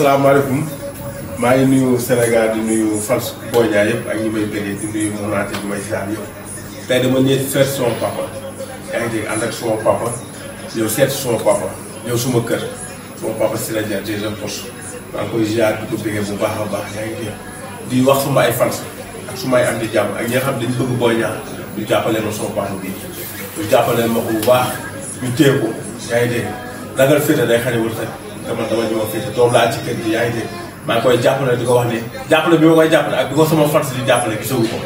salaamaaleykum maa ngi nuyu Sénégal di nuyu fans Boy Niang yëpp ak ñi may bëggee di nuyu Mounaté di may siyaar yëpp tey dama ñëw seet sama papa yaa seet sama papa ñëw suma kër sama papa si la jar deuxième poste di bu baax a baax yaa ngi di wax suma ay fans ak suma ay am di jàmm ak ñi xam dañu bëgg Boy Niang ñu jàppale ma sama papa bii ñu jàppale ma ko bu baax ñu téye ko yaa ngi dégg ragal féete day xañ dama dama ñëw fii te doom laa ci kër gi yaa ngi maa koy jàppale di ko wax ne jàppale bi ma koy jàppale ak bi ko sama fans di jàppale gisagu ko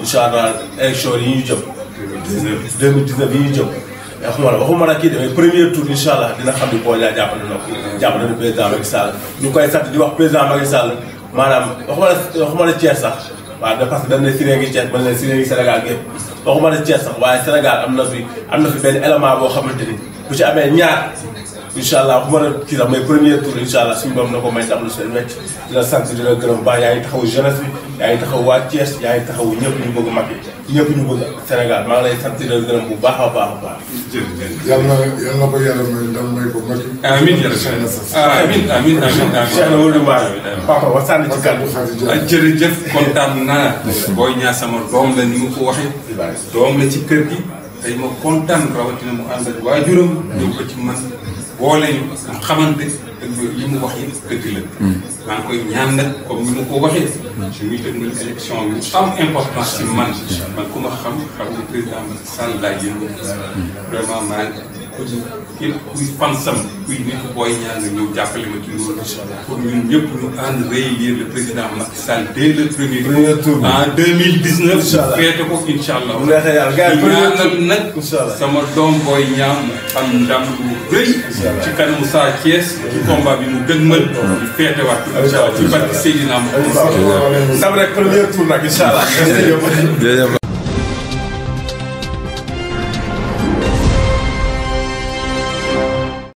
incha allah élection yi ñu jëm. 2019 la kii demee premier tour incha allah dina xam ni ko. jàppale na président Macky Sall ñu koy sant di wax président Macky Sall maanaam waxuma la waxuma la Thiès sax waaw da parce que dañ ne Siré ngi Thiès man la Siré ngi Sénégal gépp waxuma la Thiès sax waaye Sénégal am na fi am na fi benn élément boo xamante ni bu ci amee ñaar incha allah bu ma la kii sax may premier tour incha allah suñu borom na ko may tam lu seen wecc di la sant di la gërëm baax yaa ngi taxaw jeunesse bi yaa ngi taxaw waa Thiès yaa ngi taxaw ñëpp ñu bëgg mag yi ñëpp ñu bëgg Sénégal maa ngi lay sant di la gërëm bu baax a baax a baax. jërëjëf yal na yal na ko yàlla may ndam may ko mag. amiin jërëjëf amiin amiin amiin amiin. Cheikh Nodou Ba papa wa sànni ci kàddu. Ah, jërëjëf kontaan naa. booy ñaa sama doom la ni mu ko waxee. doom la ci kër gi tey ma kontaan rawatina mu ànd ak waajuram ñëw ko ci man woo lañu nga xamante li mu wax yëpp dëgg hmm. maa koy ñaan nag comme ni ma ko waxee. su hmm. muy déglu élection yu am importance ci man. Hmm. man ku ma xam xam nga président Sall laay yëngu. vraiment képp kuy fansam kuy nekk booy ñaan nga ñëw jàppale ma ci loolu. pour ñun ñëpp ñu ànd réélire le président Macky Sall dès le premier tour en deux mille dix neuf. incha allah feete ko incha allah. bu neexee yàlla gars yi ñaanal nag. sama doom booy ñaan am ndam lu rëy. ci kanamu Sa Thiès. ci combat bi mu dëgmal. ñu feete waat incha allah ci barke Seydina Mohamed. incha allah rek premier tour nag